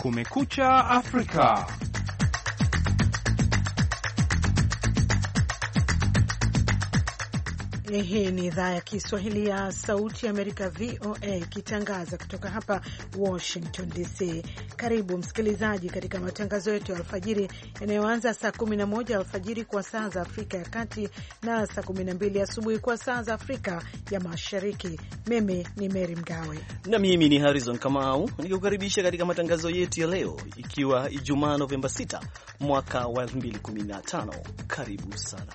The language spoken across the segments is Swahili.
Kumekucha Afrika. Hii ni idhaa ya Kiswahili ya Sauti ya Amerika, VOA, ikitangaza kutoka hapa Washington DC. Karibu msikilizaji katika matangazo yetu ya alfajiri yanayoanza saa 11 alfajiri kwa saa za Afrika ya Kati na saa 12 asubuhi kwa saa za Afrika ya Mashariki. Mimi ni Mary Mgawe na mimi ni Harrison Kamau nikikukaribisha katika matangazo yetu ya leo, ikiwa Ijumaa Novemba 6 mwaka wa 2015. Karibu sana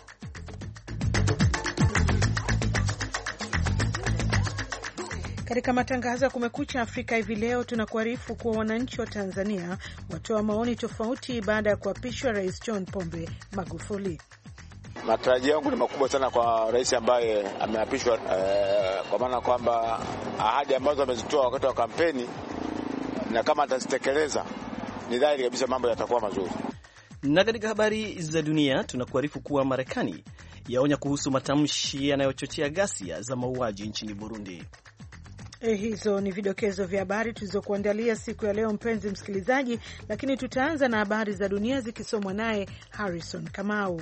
Katika matangazo ya Kumekucha Afrika hivi leo, tunakuarifu kuwa wananchi wa Tanzania watoa maoni tofauti baada ya kuapishwa Rais John Pombe Magufuli. Matarajio yangu ni makubwa sana kwa rais ambaye ameapishwa eh, kwa maana kwamba ahadi ambazo amezitoa wakati wa kampeni na kama atazitekeleza ni dhahiri kabisa mambo yatakuwa mazuri. Na katika habari za dunia tunakuarifu kuwa Marekani yaonya kuhusu matamshi yanayochochea ghasia za mauaji nchini Burundi. Eh, hizo ni vidokezo vya habari tulizokuandalia siku ya leo, mpenzi msikilizaji, lakini tutaanza na habari za dunia zikisomwa naye Harrison Kamau.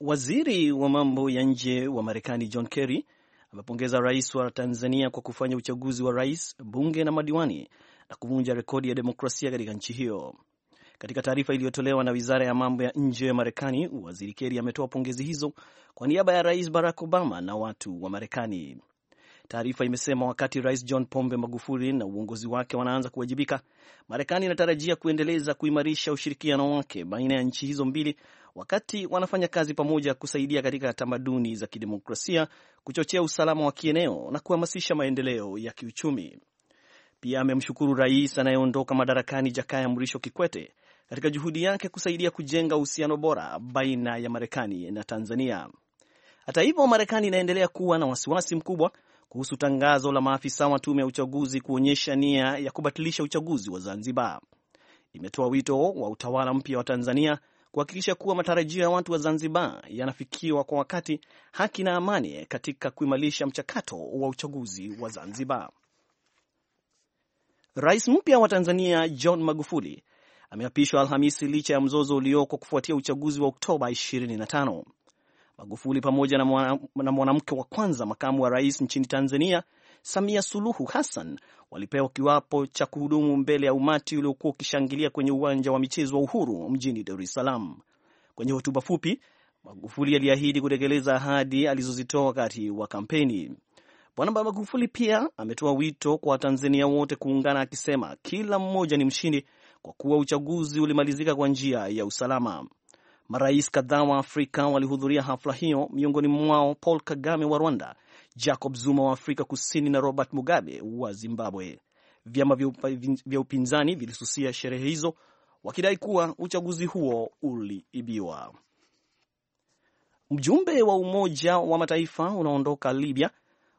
Waziri wa mambo ya nje wa Marekani John Kerry amepongeza rais wa Tanzania kwa kufanya uchaguzi wa rais, bunge na madiwani na kuvunja rekodi ya demokrasia katika nchi hiyo. Katika taarifa iliyotolewa na wizara ya mambo ya nje ya Marekani, waziri Kerry ametoa pongezi hizo kwa niaba ya rais Barack Obama na watu wa Marekani. Taarifa imesema wakati rais John Pombe Magufuli na uongozi wake wanaanza kuwajibika, Marekani inatarajia kuendeleza kuimarisha ushirikiano wake baina ya nchi hizo mbili, wakati wanafanya kazi pamoja kusaidia katika tamaduni za kidemokrasia, kuchochea usalama wa kieneo na kuhamasisha maendeleo ya kiuchumi. Pia amemshukuru rais anayeondoka madarakani Jakaya Mrisho Kikwete katika juhudi yake kusaidia kujenga uhusiano bora baina ya Marekani na Tanzania. Hata hivyo, Marekani inaendelea kuwa na wasiwasi mkubwa kuhusu tangazo la maafisa wa tume ya uchaguzi kuonyesha nia ya kubatilisha uchaguzi wa Zanzibar. Imetoa wito wa utawala mpya wa Tanzania kuhakikisha kuwa matarajio ya watu wa Zanzibar yanafikiwa kwa wakati, haki na amani katika kuimarisha mchakato wa uchaguzi wa Zanzibar. Rais mpya wa Tanzania John Magufuli ameapishwa Alhamisi licha ya mzozo ulioko kufuatia uchaguzi wa Oktoba 25. Magufuli pamoja na mwanamke wa kwanza makamu wa rais nchini Tanzania, Samia Suluhu Hassan, walipewa kiwapo cha kuhudumu mbele ya umati uliokuwa ukishangilia kwenye uwanja wa michezo wa Uhuru mjini Dar es Salaam. Kwenye hotuba fupi, Magufuli aliahidi kutekeleza ahadi alizozitoa wakati wa kampeni. Bwana Magufuli pia ametoa wito kwa Watanzania wote kuungana, akisema kila mmoja ni mshindi kwa kuwa uchaguzi ulimalizika kwa njia ya usalama. Marais kadhaa wa Afrika walihudhuria hafla hiyo, miongoni mwao Paul Kagame wa Rwanda, Jacob Zuma wa Afrika Kusini na Robert Mugabe wa Zimbabwe. Vyama vya upinzani vilisusia sherehe hizo wakidai kuwa uchaguzi huo uliibiwa. Mjumbe wa Umoja wa Mataifa unaondoka Libya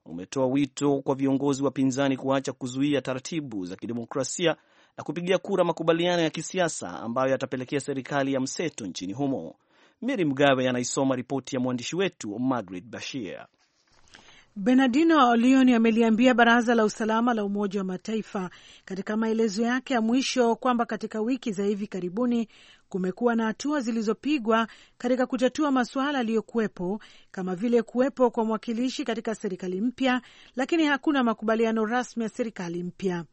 umetoa wito kwa viongozi wa pinzani kuacha kuzuia taratibu za kidemokrasia na kupigia kura makubaliano ya kisiasa ambayo yatapelekea serikali ya mseto nchini humo. mary Mgawe anaisoma ripoti ya mwandishi wetu Margaret Bashir. Bernardino Leon ameliambia baraza la usalama la Umoja wa Mataifa katika maelezo yake ya mwisho kwamba katika wiki za hivi karibuni kumekuwa na hatua zilizopigwa katika kutatua masuala yaliyokuwepo kama vile kuwepo kwa mwakilishi katika serikali mpya, lakini hakuna makubaliano rasmi ya serikali mpya.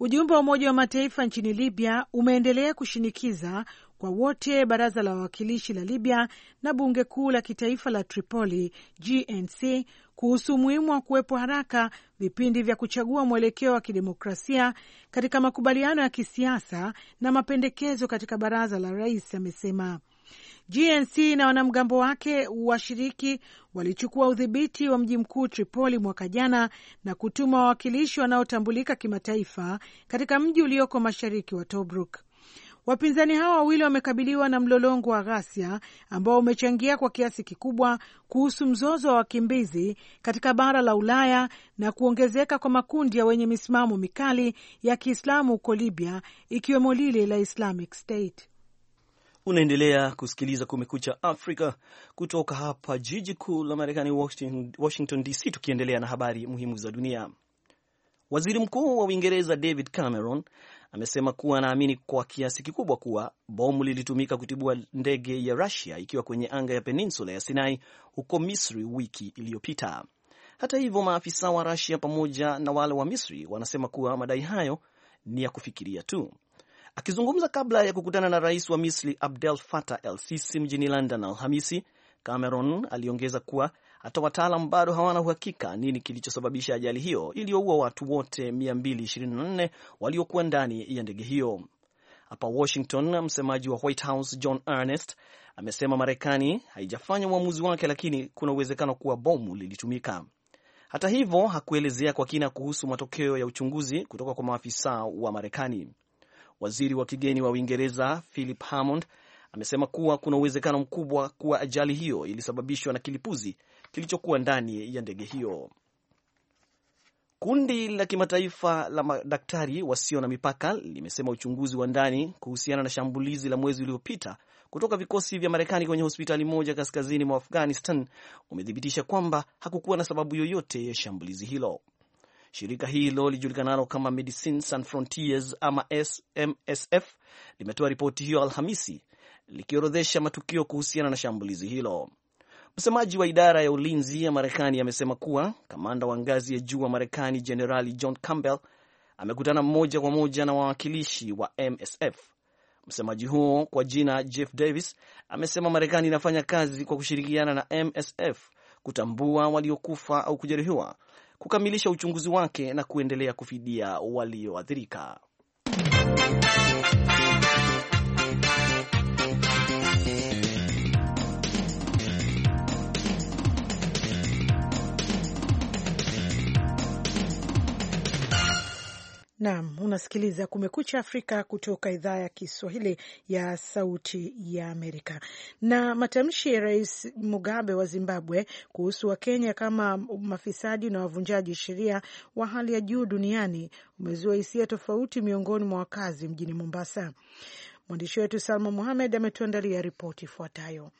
Ujumbe wa Umoja wa Mataifa nchini Libya umeendelea kushinikiza kwa wote, baraza la wawakilishi la Libya na bunge kuu la kitaifa la Tripoli GNC kuhusu umuhimu wa kuwepo haraka vipindi vya kuchagua mwelekeo wa kidemokrasia katika makubaliano ya kisiasa na mapendekezo katika baraza la rais, amesema. GNC na wanamgambo wake washiriki walichukua udhibiti wa mji mkuu Tripoli mwaka jana na kutuma wawakilishi wanaotambulika kimataifa katika mji ulioko mashariki wa Tobruk. Wapinzani hao wawili wamekabiliwa na mlolongo wa ghasia ambao umechangia kwa kiasi kikubwa kuhusu mzozo wa wakimbizi katika bara la Ulaya na kuongezeka kwa makundi ya wenye misimamo mikali ya Kiislamu huko Libya, ikiwemo lile la Islamic State. Unaendelea kusikiliza Kumekucha Afrika kutoka hapa jiji kuu la Marekani, Washington DC. Tukiendelea na habari muhimu za dunia, waziri mkuu wa Uingereza David Cameron amesema kuwa anaamini kwa kiasi kikubwa kuwa bomu lilitumika kutibua ndege ya Rusia ikiwa kwenye anga ya peninsula ya Sinai huko Misri wiki iliyopita. Hata hivyo, maafisa wa Rusia pamoja na wale wa Misri wanasema kuwa madai hayo ni ya kufikiria tu. Akizungumza kabla ya kukutana na rais wa Misri Abdel Fattah El Sisi mjini London Alhamisi, Cameron aliongeza kuwa hata wataalam bado hawana uhakika nini kilichosababisha ajali hiyo iliyoua watu wote 224 waliokuwa ndani ya ndege hiyo. Hapa Washington, msemaji wa White House John Ernest amesema Marekani haijafanya uamuzi wake, lakini kuna uwezekano kuwa bomu lilitumika. Hata hivyo, hakuelezea kwa kina kuhusu matokeo ya uchunguzi kutoka kwa maafisa wa Marekani. Waziri wa kigeni wa Uingereza Philip Hammond amesema kuwa kuna uwezekano mkubwa kuwa ajali hiyo ilisababishwa na kilipuzi kilichokuwa ndani ya ndege hiyo. Kundi la kimataifa la madaktari wasio na mipaka limesema uchunguzi wa ndani kuhusiana na shambulizi la mwezi uliopita kutoka vikosi vya Marekani kwenye hospitali moja kaskazini mwa Afghanistan umethibitisha kwamba hakukuwa na sababu yoyote ya shambulizi hilo. Shirika hilo lijulikanalo kama Medicine Sans Frontiers ama SMSF limetoa ripoti hiyo Alhamisi likiorodhesha matukio kuhusiana na shambulizi hilo. Msemaji wa idara ya ulinzi ya Marekani amesema kuwa kamanda wa ngazi ya juu wa Marekani Jenerali John Campbell amekutana moja kwa moja na wawakilishi wa MSF. Msemaji huo kwa jina Jeff Davis amesema Marekani inafanya kazi kwa kushirikiana na MSF kutambua waliokufa au kujeruhiwa, kukamilisha uchunguzi wake na kuendelea kufidia walioathirika. Naam, unasikiliza Kumekucha Afrika kutoka idhaa ya Kiswahili ya Sauti ya Amerika. Na matamshi ya Rais Mugabe wa Zimbabwe kuhusu Wakenya kama mafisadi na wavunjaji sheria wa hali ya juu duniani umezua hisia tofauti miongoni mwa wakazi mjini Mombasa. Mwandishi wetu Salma Muhamed ametuandalia ripoti ifuatayo.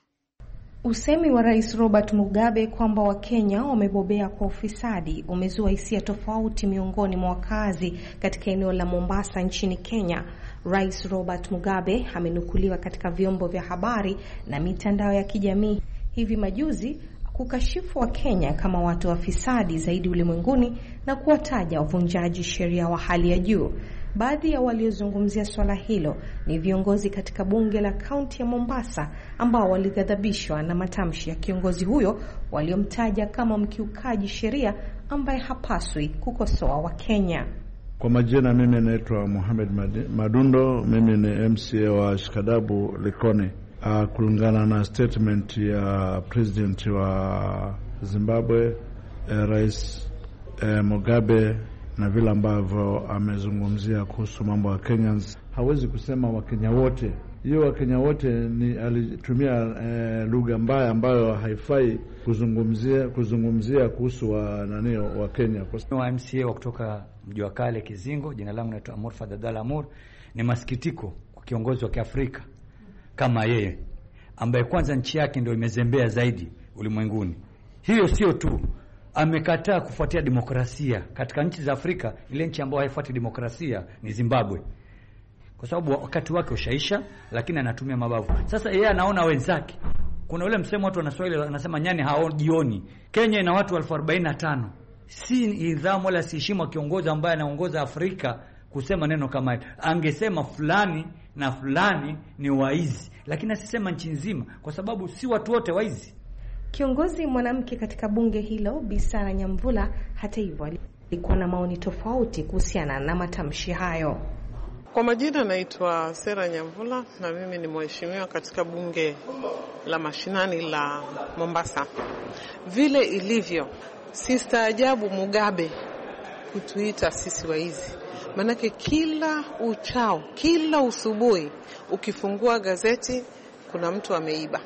Usemi wa Rais Robert Mugabe kwamba Wakenya wamebobea kwa ufisadi umezua hisia tofauti miongoni mwa wakazi katika eneo la Mombasa nchini Kenya. Rais Robert Mugabe amenukuliwa katika vyombo vya habari na mitandao ya kijamii hivi majuzi kukashifu Wakenya kama watu wafisadi zaidi ulimwenguni na kuwataja wavunjaji sheria wa hali ya juu. Baadhi ya waliozungumzia swala hilo ni viongozi katika bunge la kaunti ya Mombasa ambao walighadhabishwa na matamshi ya kiongozi huyo waliomtaja kama mkiukaji sheria ambaye hapaswi kukosoa Wakenya. Kwa majina, mimi naitwa Mohamed Madundo, mimi ni MCA wa Shikadabu Likoni. Uh, kulingana na statement ya president wa Zimbabwe, eh, Rais eh, Mugabe na vile ambavyo amezungumzia kuhusu mambo ya Kenyans, hawezi kusema Wakenya wote. Hiyo Wakenya wote ni alitumia e, lugha mbaya ambayo haifai kuzungumzia kuzungumzia kuhusu wa nani wa Kenya. Kwa MCA wa kutoka mji wa kale Kizingo, jina langu naitwa Amor Fadhadal Amor. Ni masikitiko kwa kiongozi wa Kiafrika kama yeye ambaye kwanza nchi yake ndio imezembea zaidi ulimwenguni. Hiyo sio tu amekataa kufuatia demokrasia katika nchi za Afrika. Ile nchi ambayo haifuati demokrasia ni Zimbabwe, kwa sababu wakati wake ushaisha, lakini anatumia mabavu. Sasa yeye anaona wenzake. Kuna ule msemo watu wa wanasema nyani hajioni. Kenya ina watu elfu arobaini na tano. Si nidhamu wala si heshima kiongozi ambaye anaongoza Afrika kusema neno kama hili. Angesema fulani na fulani ni waizi, lakini asisema nchi nzima, kwa sababu si watu wote waizi. Kiongozi mwanamke katika bunge hilo Bi Sara Nyamvula, hata hivyo, alikuwa na maoni tofauti kuhusiana na matamshi hayo. Kwa majina naitwa Sera Nyamvula na mimi ni mheshimiwa katika bunge la mashinani la Mombasa. Vile ilivyo, sistaajabu Mugabe kutuita sisi waizi, maanake kila uchao, kila usubuhi ukifungua gazeti kuna mtu ameiba.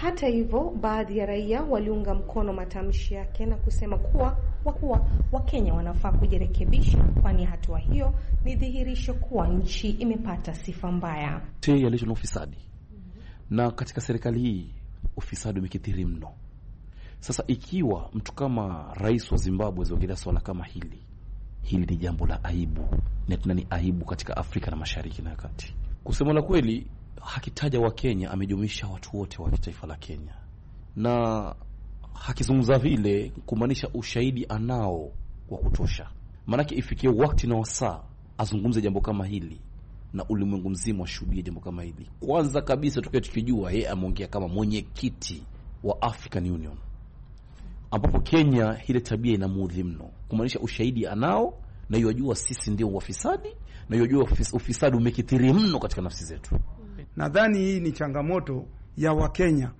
Hata hivyo, baadhi ya raia waliunga mkono matamshi yake na kusema kuwa wakuwa Wakenya wanafaa kujirekebisha, kwani hatua hiyo ni dhihirisho kuwa nchi imepata sifa mbaya, si yalisho na ufisadi. Na katika serikali hii ufisadi umekithiri mno. Sasa ikiwa mtu kama rais wa Zimbabwe aziongelea swala kama hili, hili ni jambo la aibu na tuna ni aibu katika Afrika na mashariki na kati. Kusema la kweli, hakitaja Wakenya, amejumuisha watu wote wa kitaifa la Kenya, na hakizungumza vile, kumaanisha ushahidi anao wa kutosha. Maanake ifikie wakati na wasaa azungumze jambo kama hili na ulimwengu mzima washuhudie jambo kama hili. Kwanza kabisa tukiwa tukijua yeye ameongea kama mwenyekiti wa African Union, ambapo Kenya ile tabia inamuudhi mno, kumaanisha ushahidi anao na yuwajua sisi ndio wafisadi na yuwajua ufisadi umekithiri mno katika nafsi zetu. Nadhani hii ni changamoto ya Wakenya.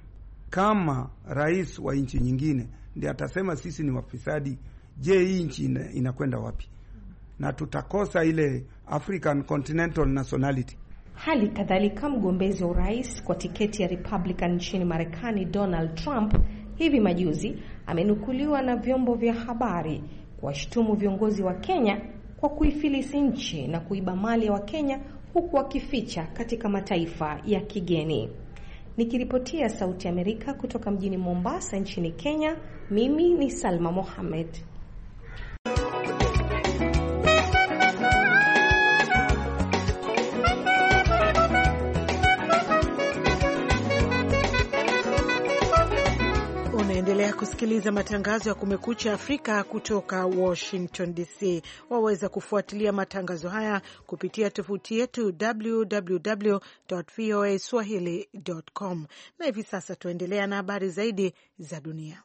Kama rais wa nchi nyingine ndiye atasema sisi ni wafisadi, je, hii nchi inakwenda wapi? Na tutakosa ile African Continental Nationality. Hali kadhalika mgombezi wa urais kwa tiketi ya Republican nchini Marekani, Donald Trump hivi majuzi amenukuliwa na vyombo vya habari kuwashutumu viongozi wa Kenya kwa kuifilisi nchi na kuiba mali ya Wakenya huku wakificha katika mataifa ya kigeni. Nikiripotia Sauti ya Amerika kutoka mjini Mombasa nchini Kenya, mimi ni Salma Mohamed. Unaendelea kusikiliza matangazo ya Kumekucha Afrika kutoka Washington DC. Waweza kufuatilia matangazo haya kupitia tovuti yetu www voa swahili com, na hivi sasa tuendelea na habari zaidi za dunia.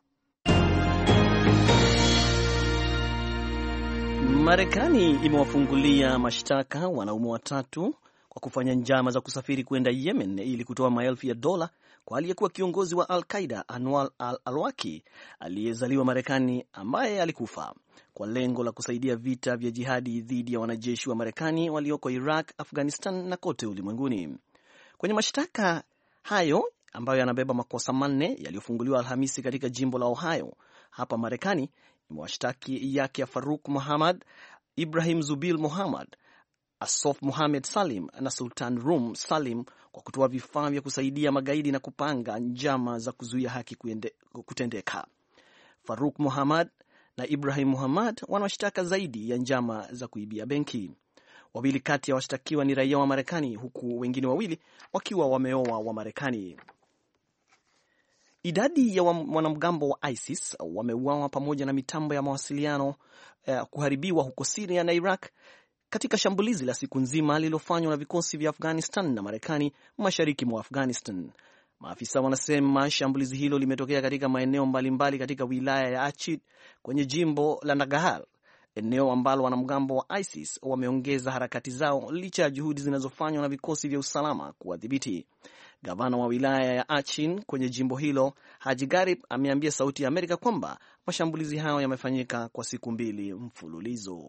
Marekani imewafungulia mashtaka wanaume watatu kwa kufanya njama za kusafiri kwenda Yemen ili kutoa maelfu ya dola kwa aliyekuwa kiongozi wa Al Qaida Anwar al alwaki aliyezaliwa Marekani ambaye alikufa kwa lengo la kusaidia vita vya jihadi dhidi ya wanajeshi wa Marekani walioko Iraq, Afghanistan na kote ulimwenguni. Kwenye mashtaka hayo ambayo yanabeba makosa manne yaliyofunguliwa Alhamisi katika jimbo la Ohio hapa Marekani, imewashtaki yake ya Faruk Muhammad, Ibrahim Zubil Muhammad, Asof Muhamed Salim na Sultan Rum Salim kwa kutoa vifaa vya kusaidia magaidi na kupanga njama za kuzuia haki kuende, kutendeka. Faruk Muhammad na Ibrahim Muhammad wana zaidi ya njama za kuibia benki. Wawili kati ya washtakiwa ni raia wa Marekani, huku wengine wawili wakiwa wameoa wa Marekani. Idadi ya wanamgambo wa ISIS wameuawa pamoja na mitambo ya mawasiliano eh, kuharibiwa huko Siria na Iraq katika shambulizi la siku nzima lililofanywa na vikosi vya Afghanistan na Marekani mashariki mwa Afghanistan. Maafisa wanasema shambulizi hilo limetokea katika maeneo mbalimbali katika wilaya ya Achid kwenye jimbo la Nagahal, eneo ambalo wanamgambo wa ISIS wameongeza harakati zao licha ya juhudi zinazofanywa na vikosi vya usalama kuwadhibiti. Gavana wa wilaya ya Achin kwenye jimbo hilo Haji Garib ameambia Sauti ya Amerika kwamba mashambulizi hayo yamefanyika kwa siku mbili mfululizo.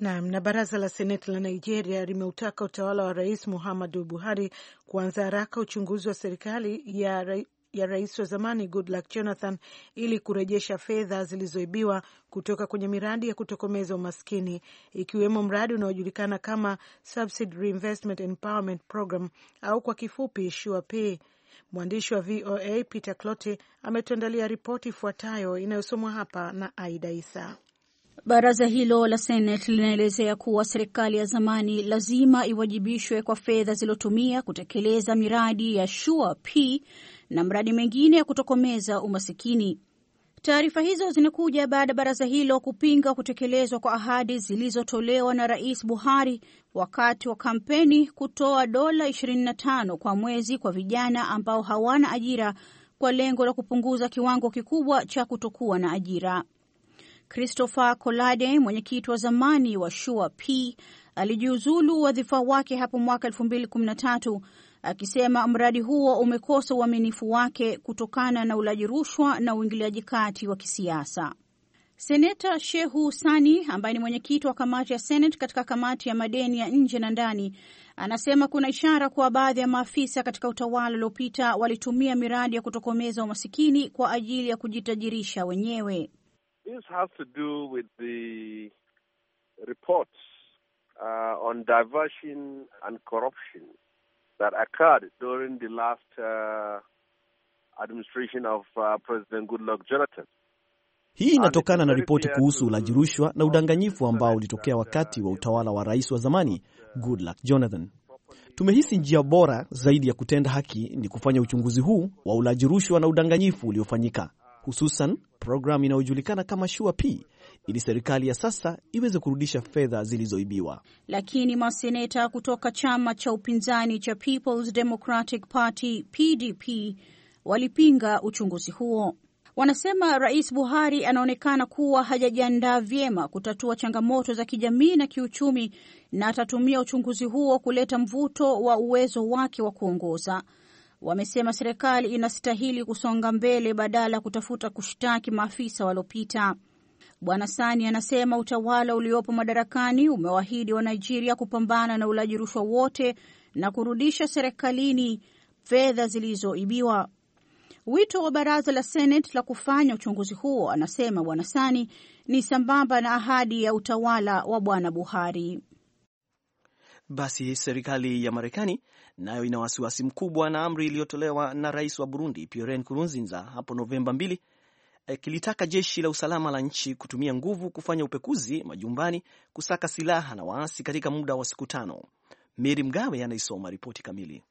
Naam. Na baraza la seneti la Nigeria limeutaka utawala wa Rais Muhammadu Buhari kuanza haraka uchunguzi wa serikali ya ra ya rais wa zamani Goodluck Jonathan ili kurejesha fedha zilizoibiwa kutoka kwenye miradi ya kutokomeza umaskini ikiwemo mradi unaojulikana kama Subsidy Reinvestment Empowerment Program au kwa kifupi SurePay Mwandishi wa VOA Peter Cloti ametuandalia ripoti ifuatayo inayosomwa hapa na Aida Isa. Baraza hilo la Seneti linaelezea kuwa serikali ya zamani lazima iwajibishwe kwa fedha zilizotumia kutekeleza miradi ya SURE P na mradi mengine ya kutokomeza umasikini. Taarifa hizo zinakuja baada ya baraza hilo kupinga kutekelezwa kwa ahadi zilizotolewa na Rais Buhari wakati wa kampeni, kutoa dola 25 kwa mwezi kwa vijana ambao hawana ajira kwa lengo la kupunguza kiwango kikubwa cha kutokuwa na ajira. Christopher Kolade, mwenyekiti wa zamani wa shua P, alijiuzulu wadhifa wake hapo mwaka akisema mradi huo umekosa uaminifu wake kutokana na ulaji rushwa na uingiliaji kati wa kisiasa. Seneta Shehu Sani ambaye ni mwenyekiti wa kamati ya Senate katika kamati ya madeni ya nje na ndani anasema kuna ishara kuwa baadhi ya maafisa katika utawala uliopita walitumia miradi ya kutokomeza umasikini kwa ajili ya kujitajirisha wenyewe. This has to do with the reports, uh, on diversion and corruption that occurred during the last uh, administration of uh, President Goodluck Jonathan. Hii inatokana na ripoti kuhusu ulaji rushwa na udanganyifu ambao ulitokea wakati wa utawala wa rais wa zamani Goodluck Jonathan. Tumehisi njia bora zaidi ya kutenda haki ni kufanya uchunguzi huu wa ulaji rushwa na udanganyifu uliofanyika, hususan programu inayojulikana kama Sure P ili serikali ya sasa iweze kurudisha fedha zilizoibiwa. Lakini maseneta kutoka chama cha upinzani cha People's Democratic Party PDP walipinga uchunguzi huo. Wanasema Rais Buhari anaonekana kuwa hajajiandaa vyema kutatua changamoto za kijamii na kiuchumi na atatumia uchunguzi huo kuleta mvuto wa uwezo wake wa kuongoza. Wamesema serikali inastahili kusonga mbele badala ya kutafuta kushtaki maafisa waliopita. Bwana Sani anasema utawala uliopo madarakani umewahidi wa Nigeria kupambana na ulaji rushwa wote na kurudisha serikalini fedha zilizoibiwa. Wito wa baraza la Senate la kufanya uchunguzi huo, anasema Bwana Sani, ni sambamba na ahadi ya utawala wa Bwana Buhari. Basi serikali ya Marekani nayo ina wasiwasi mkubwa na amri iliyotolewa na rais wa Burundi Pierre Nkurunziza hapo Novemba mbili Eh, kilitaka jeshi la usalama la nchi kutumia nguvu kufanya upekuzi majumbani kusaka silaha na waasi katika muda wa siku tano. Meri Mgawe anaisoma ripoti kamili.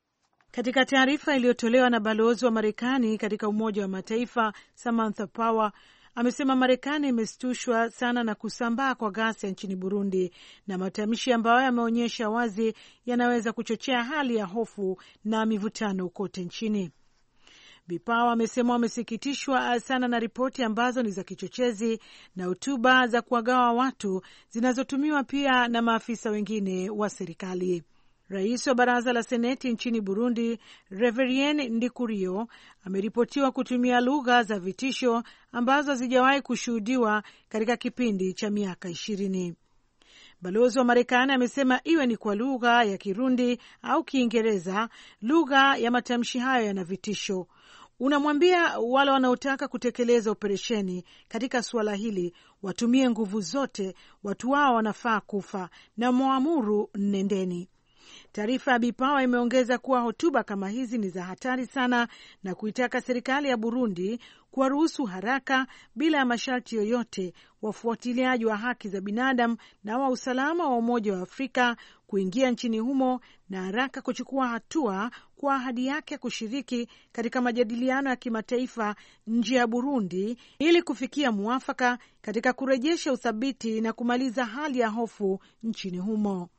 Katika taarifa iliyotolewa na balozi wa Marekani katika Umoja wa Mataifa Samantha Power amesema Marekani imeshtushwa sana na kusambaa kwa ghasia nchini Burundi na matamshi ambayo yameonyesha wazi yanaweza kuchochea hali ya hofu na mivutano kote nchini. Bipawa amesema wamesikitishwa sana na ripoti ambazo ni za kichochezi na hotuba za kuwagawa watu zinazotumiwa pia na maafisa wengine wa serikali. Rais wa baraza la seneti nchini Burundi, Reverien Ndikurio, ameripotiwa kutumia lugha za vitisho ambazo hazijawahi kushuhudiwa katika kipindi cha miaka ishirini. Balozi wa Marekani amesema iwe ni kwa lugha ya Kirundi au Kiingereza, lugha ya matamshi hayo yana vitisho Unamwambia wale wanaotaka kutekeleza operesheni katika suala hili watumie nguvu zote, watu wao wanafaa kufa, na mwamuru nendeni. Taarifa ya Bipawa imeongeza kuwa hotuba kama hizi ni za hatari sana na kuitaka serikali ya Burundi kuwaruhusu haraka bila ya masharti yoyote wafuatiliaji wa haki za binadamu na wa usalama wa Umoja wa Afrika kuingia nchini humo na haraka kuchukua hatua kwa ahadi yake ya kushiriki katika majadiliano ya kimataifa nje ya Burundi ili kufikia mwafaka katika kurejesha uthabiti na kumaliza hali ya hofu nchini humo.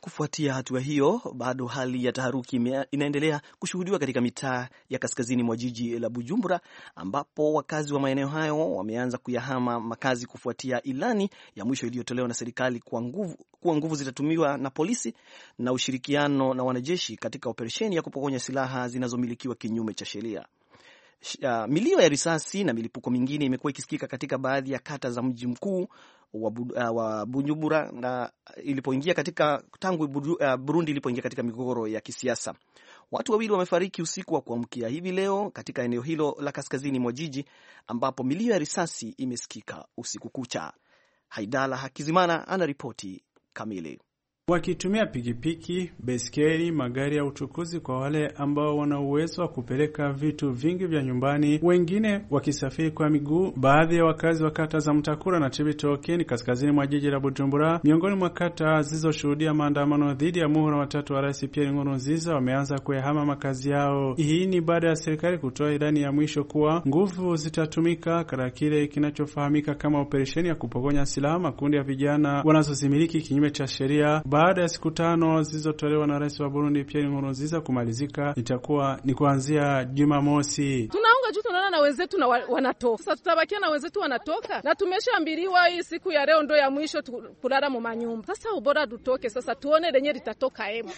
Kufuatia hatua hiyo, bado hali ya taharuki inaendelea kushuhudiwa katika mitaa ya kaskazini mwa jiji la Bujumbura, ambapo wakazi wa maeneo hayo wameanza kuyahama makazi kufuatia ilani ya mwisho iliyotolewa na serikali kuwa nguvu, kuwa nguvu zitatumiwa na polisi na ushirikiano na wanajeshi katika operesheni ya kupokonya silaha zinazomilikiwa kinyume cha sheria. Uh, milio ya risasi na milipuko mingine imekuwa ikisikika katika baadhi ya kata za mji mkuu wa, uh, wa Bunyubura na ilipoingia katika tangu uh, Burundi ilipoingia katika migogoro ya kisiasa. Watu wawili wamefariki usiku wa kuamkia hivi leo katika eneo hilo la kaskazini mwa jiji ambapo milio ya risasi imesikika usiku kucha. Haidala Hakizimana ana ripoti kamili wakitumia pikipiki, beskeli, magari ya uchukuzi kwa wale ambao wana uwezo wa kupeleka vitu vingi vya nyumbani, wengine wakisafiri kwa miguu. Baadhi ya wakazi wa kata za Mtakura na Chibitoke ni kaskazini mwa jiji la Bujumbura, miongoni mwa kata zilizoshuhudia maandamano dhidi ya muhula watatu wa Rais Pierre Nkurunziza, wameanza kuyahama makazi yao. Hii ni baada ya serikali kutoa ilani ya mwisho kuwa nguvu zitatumika katika kile kinachofahamika kama operesheni ya kupokonya silaha makundi ya vijana wanazozimiliki kinyume cha sheria baada ya siku tano zilizotolewa na rais wa Burundi Pierre Nkurunziza kumalizika itakuwa ni kuanzia Jumamosi. Tunaunga juu, tunaona na wenzetu na wanatoka sasa, tutabakia na wenzetu wanatoka, na tumeshaambiliwa hii siku ya leo ndo ya mwisho kulala mu manyumba. Sasa ubora tutoke sasa, tuone lenye litatoka emu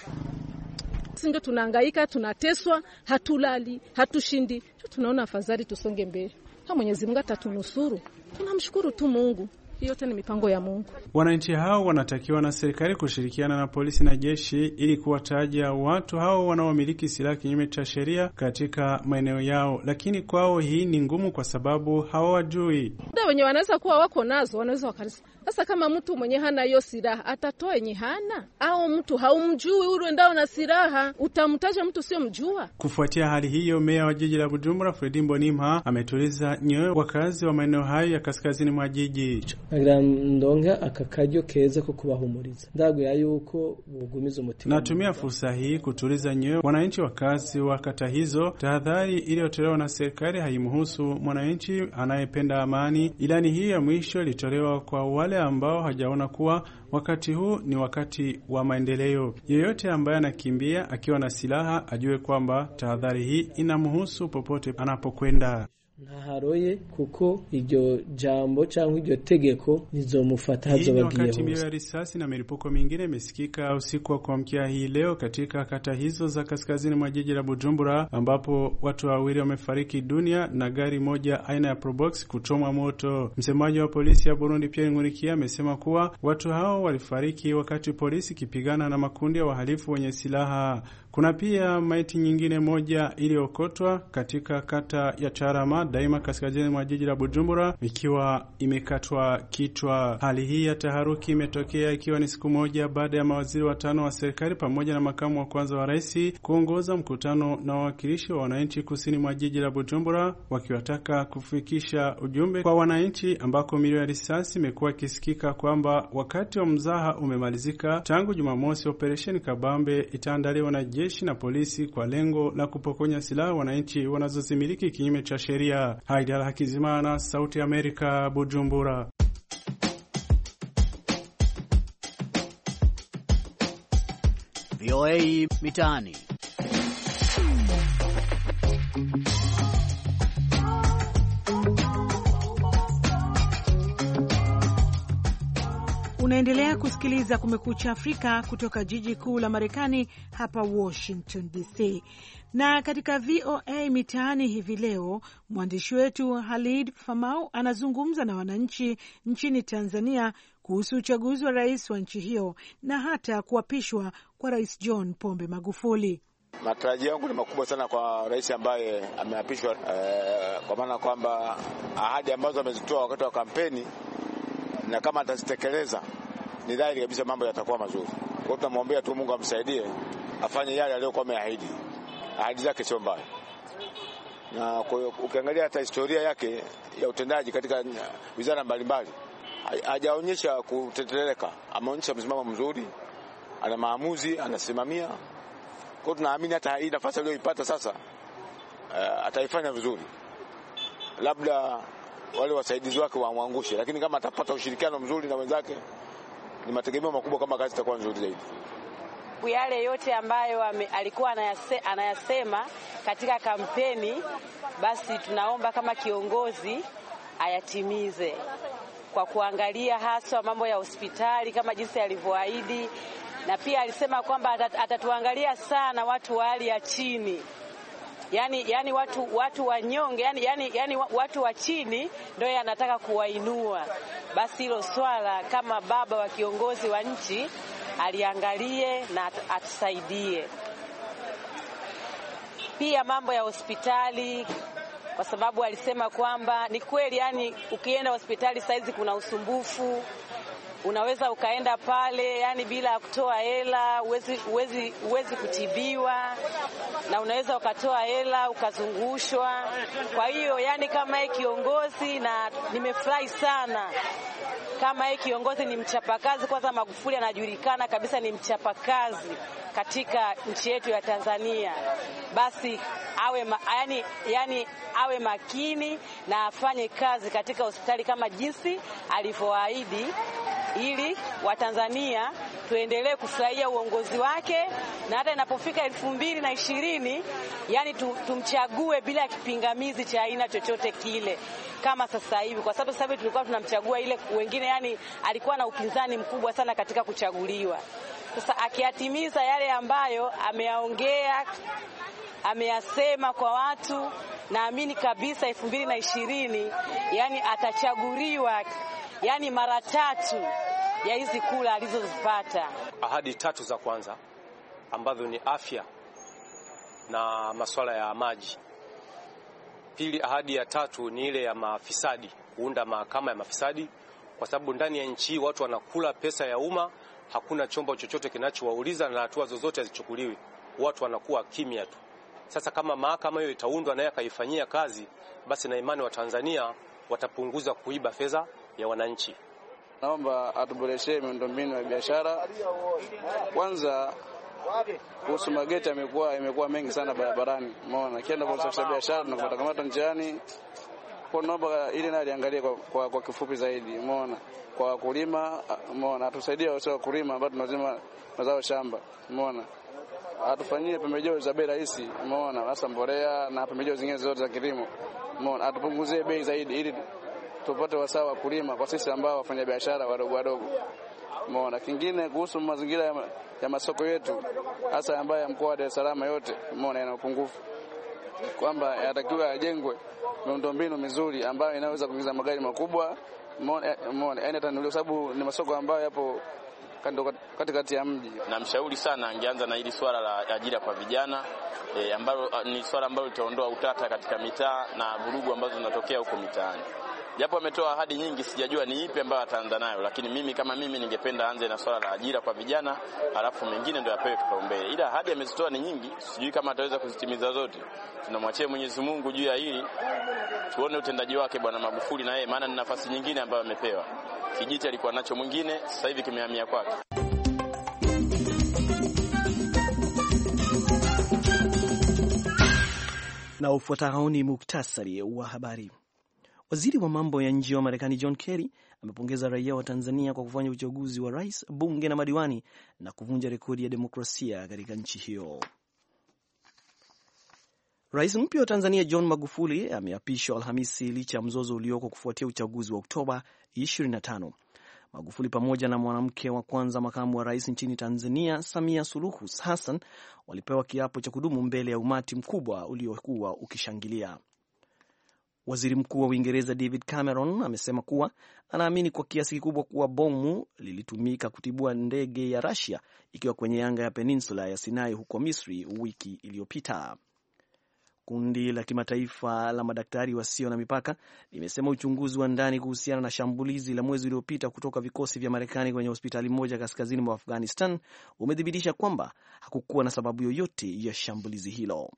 singe tunahangaika, tunateswa, hatulali, hatushindi, tunaona afadhali tusonge mbele. Mwenyezi Mungu atatunusuru, tunamshukuru tu Mungu. Yote ni mipango ya Mungu. Wananchi hao wanatakiwa na serikali kushirikiana na polisi na jeshi ili kuwataja watu hao wanaomiliki silaha kinyume cha sheria katika maeneo yao, lakini kwao hii ni ngumu kwa sababu hawawajui. Wenye wanaweza kuwa wako nazo wanaweza sasa kama mtu mwenye hana hiyo silaha atatoa yenye hana au mtu haumjui ule ndao na silaha, utamtaja mtu sio mjua? Kufuatia hali hiyo, meya wa jiji la Bujumbura Fredi Mbonimpa ametuliza nyoyo wakazi wa maeneo hayo ya kaskazini mwa jiji hicho. ndonga akakaryo keza ko kubahumuriza ndaguya yuko bugumiza umutima. Natumia fursa hii kutuliza nyoyo wananchi wakazi wa kata hizo. Tahadhari iliyotolewa na serikali haimhusu mwananchi anayependa amani. Ilani hii ya mwisho ilitolewa kwa wale wale ambao hajaona kuwa wakati huu ni wakati wa maendeleo. Yeyote ambaye anakimbia akiwa na silaha ajue kwamba tahadhari hii inamhusu popote anapokwenda naharoye kuko iryo jambo cyangwa iryo tegeko nizomufata bagiye hose. Wakati ya risasi na milipuko mingine imesikika usiku wa kuamkia hii leo katika kata hizo za kaskazini mwa jiji la Bujumbura, ambapo watu wawili wamefariki dunia na gari moja aina ya Probox kuchomwa moto. Msemaji wa polisi ya Burundi Pierre Ngurikia amesema kuwa watu hao walifariki wakati polisi ikipigana na makundi ya wahalifu wenye silaha. Kuna pia maiti nyingine moja iliyookotwa katika kata ya Charama Daima, kaskazini mwa jiji la Bujumbura, ikiwa imekatwa kichwa. Hali hii ya taharuki imetokea ikiwa ni siku moja baada ya mawaziri watano wa serikali pamoja na makamu wa kwanza wa rais kuongoza mkutano na wawakilishi wa wananchi kusini mwa jiji la Bujumbura, wakiwataka kufikisha ujumbe kwa wananchi, ambako milio ya risasi imekuwa ikisikika kwamba wakati wa mzaha umemalizika. Tangu Jumamosi, operesheni kabambe itaandaliwa na jeshi na polisi kwa lengo la kupokonya silaha wananchi wanazozimiliki kinyume cha sheria. Haidara Hakizimana, Sauti ya Amerika, Bujumbura. VOA Mitaani. Unaendelea kusikiliza Kumekucha Afrika kutoka jiji kuu la Marekani, hapa Washington DC. Na katika VOA Mitaani hivi leo, mwandishi wetu Halid Famau anazungumza na wananchi nchini Tanzania kuhusu uchaguzi wa rais wa nchi hiyo na hata kuapishwa kwa Rais John Pombe Magufuli. Matarajio yangu ni makubwa sana kwa rais ambaye ameapishwa, eh, kwa maana kwamba ahadi ambazo amezitoa wakati wa kampeni na kama atazitekeleza ni dhahiri kabisa mambo yatakuwa mazuri. Kwa hiyo tunamwombea tu Mungu amsaidie afanye yale aliyokuwa ameahidi. Ahadi zake sio mbaya, na ukiangalia hata historia yake ya utendaji katika wizara mbalimbali hajaonyesha kutetereka, ameonyesha msimamo mzuri, ana maamuzi, anasimamia. Kwa hiyo tunaamini hata hii nafasi aliyoipata sasa, uh, ataifanya vizuri labda wale wasaidizi wake wamwangushe, lakini kama atapata ushirikiano mzuri na wenzake, ni mategemeo makubwa kama kazi itakuwa nzuri zaidi. Yale yote ambayo alikuwa anayase, anayasema katika kampeni, basi tunaomba kama kiongozi ayatimize kwa kuangalia haswa mambo ya hospitali kama jinsi alivyoahidi, na pia alisema kwamba atatuangalia sana watu wa hali ya chini yani, yani watu, watu wanyonge yani, yani, yani watu wa chini ndio yanataka kuwainua. Basi hilo swala kama baba wa kiongozi wa nchi aliangalie na atusaidie pia mambo ya hospitali kwa sababu alisema kwamba ni kweli, yani ukienda hospitali saizi kuna usumbufu, unaweza ukaenda pale yani bila ya kutoa hela, uwezi kutibiwa, na unaweza ukatoa hela ukazungushwa. Kwa hiyo yani kama yeye kiongozi, na nimefurahi sana kama yeye kiongozi ni mchapakazi. Kwanza Magufuli anajulikana kabisa ni mchapakazi katika nchi yetu ya Tanzania, basi awe ma, yani, yani awe makini na afanye kazi katika hospitali kama jinsi alivyoahidi ili Watanzania tuendelee kufurahia uongozi wake, na hata inapofika elfu mbili na ishirini yani tumchague bila ya kipingamizi cha aina chochote kile kama sasa hivi, kwa sababu sasa hivi tulikuwa tunamchagua ile wengine, yani alikuwa na upinzani mkubwa sana katika kuchaguliwa. Sasa akiyatimiza yale ambayo ameyaongea ameyasema kwa watu, naamini kabisa elfu mbili na ishirini yani atachaguliwa yani mara tatu ya hizi kula alizozipata. Ahadi tatu za kwanza ambazo ni afya na masuala ya maji. Pili, ahadi ya tatu ni ile ya mafisadi, kuunda mahakama ya mafisadi, kwa sababu ndani ya nchi hii watu wanakula pesa ya umma, hakuna chombo chochote kinachowauliza na hatua zozote hazichukuliwi, watu wanakuwa kimya tu. Sasa kama mahakama hiyo itaundwa naye akaifanyia kazi, basi na imani Watanzania watapunguza kuiba fedha ya wananchi. Naomba atuboreshee miundombinu ya biashara kwanza. Kuhusu mageti yamekuwa imekuwa mengi sana barabarani, umeona kienda kusafisha biashara tunakamata kamata njiani kwa, naomba ili naye aliangalie kwa, kwa, kwa kifupi zaidi, umeona kwa wakulima, umeona atusaidie wao wakulima ambao tunazima mazao shamba, umeona atufanyie pembejeo za bei rahisi, umeona hasa mbolea na pembejeo zingine zote za kilimo, umeona atupunguzie bei zaidi ili tupate wasaa wa kulima kwa sisi ambao wafanya biashara wadogo wadogo. Umeona, kingine kuhusu mazingira ya masoko yetu hasa ambayo ya mkoa wa Dar es Salaam yote, umeona yana upungufu, kwamba yatakiwa yajengwe miundombinu mizuri ambayo inaweza kuingiza magari makubwa, umeona, yaani hata kwa sababu ni masoko ambayo yapo kando katikati ya mji. Namshauri sana angeanza na hili swala la ajira kwa vijana e, ambalo ah, ni swala ambalo litaondoa utata katika mitaa na vurugu ambazo zinatokea huko mitaani japo ametoa ahadi nyingi, sijajua ni ipi ambayo ataanza nayo, lakini mimi kama mimi ningependa anze na swala la ajira kwa vijana, alafu mengine ndio yapewe kipaumbele. Ila ahadi amezitoa ni nyingi, sijui kama ataweza kuzitimiza zote. Tunamwachia Mwenyezi Mungu juu ya hili, tuone utendaji wake Bwana Magufuli na yeye, maana ni nafasi nyingine ambayo amepewa. Kijiti alikuwa nacho mwingine, sasa hivi kimehamia kwake. Na ufuatao ni muktasari wa habari. Waziri wa mambo ya nje wa Marekani John Kerry amepongeza raia wa Tanzania kwa kufanya uchaguzi wa rais, bunge na madiwani na kuvunja rekodi ya demokrasia katika nchi hiyo. Rais mpya wa Tanzania John Magufuli ameapishwa Alhamisi licha ya mzozo ulioko kufuatia uchaguzi wa Oktoba 25. Magufuli pamoja na mwanamke wa kwanza makamu wa rais nchini Tanzania, Samia Suluhu Hassan, walipewa kiapo cha kudumu mbele ya umati mkubwa uliokuwa ukishangilia. Waziri Mkuu wa Uingereza David Cameron amesema kuwa anaamini kwa kiasi kikubwa kuwa bomu lilitumika kutibua ndege ya rasia ikiwa kwenye anga ya peninsula ya Sinai huko Misri wiki iliyopita. Kundi la kimataifa la madaktari wasio na mipaka limesema uchunguzi wa ndani kuhusiana na shambulizi la mwezi uliopita kutoka vikosi vya Marekani kwenye hospitali moja kaskazini mwa Afghanistan umethibitisha kwamba hakukuwa na sababu yoyote ya shambulizi hilo.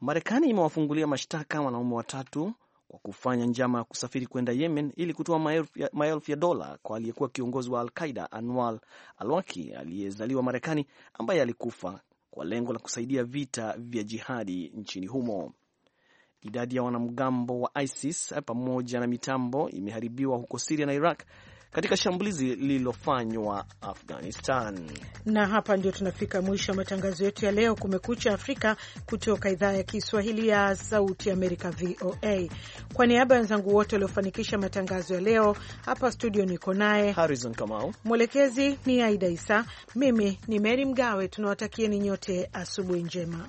Marekani imewafungulia mashtaka wanaume watatu kwa kufanya njama ya kusafiri kwenda Yemen ili kutoa maelfu ya, dola kwa aliyekuwa kiongozi wa Al-Qaida Anwar alwaki aliyezaliwa Marekani ambaye alikufa kwa lengo la kusaidia vita vya jihadi nchini humo. Idadi ya wanamgambo wa ISIS pamoja na mitambo imeharibiwa huko Siria na Iraq katika shambulizi lililofanywa Afghanistan. Na hapa ndio tunafika mwisho wa matangazo yetu ya leo, Kumekucha Afrika, kutoka idhaa ya Kiswahili ya Sauti Amerika, VOA. Kwa niaba ya wenzangu wote waliofanikisha matangazo ya leo, hapa studio niko naye Harrison Kamau, mwelekezi ni Aida Isa, mimi ni Meri Mgawe. Tunawatakieni nyote asubuhi njema.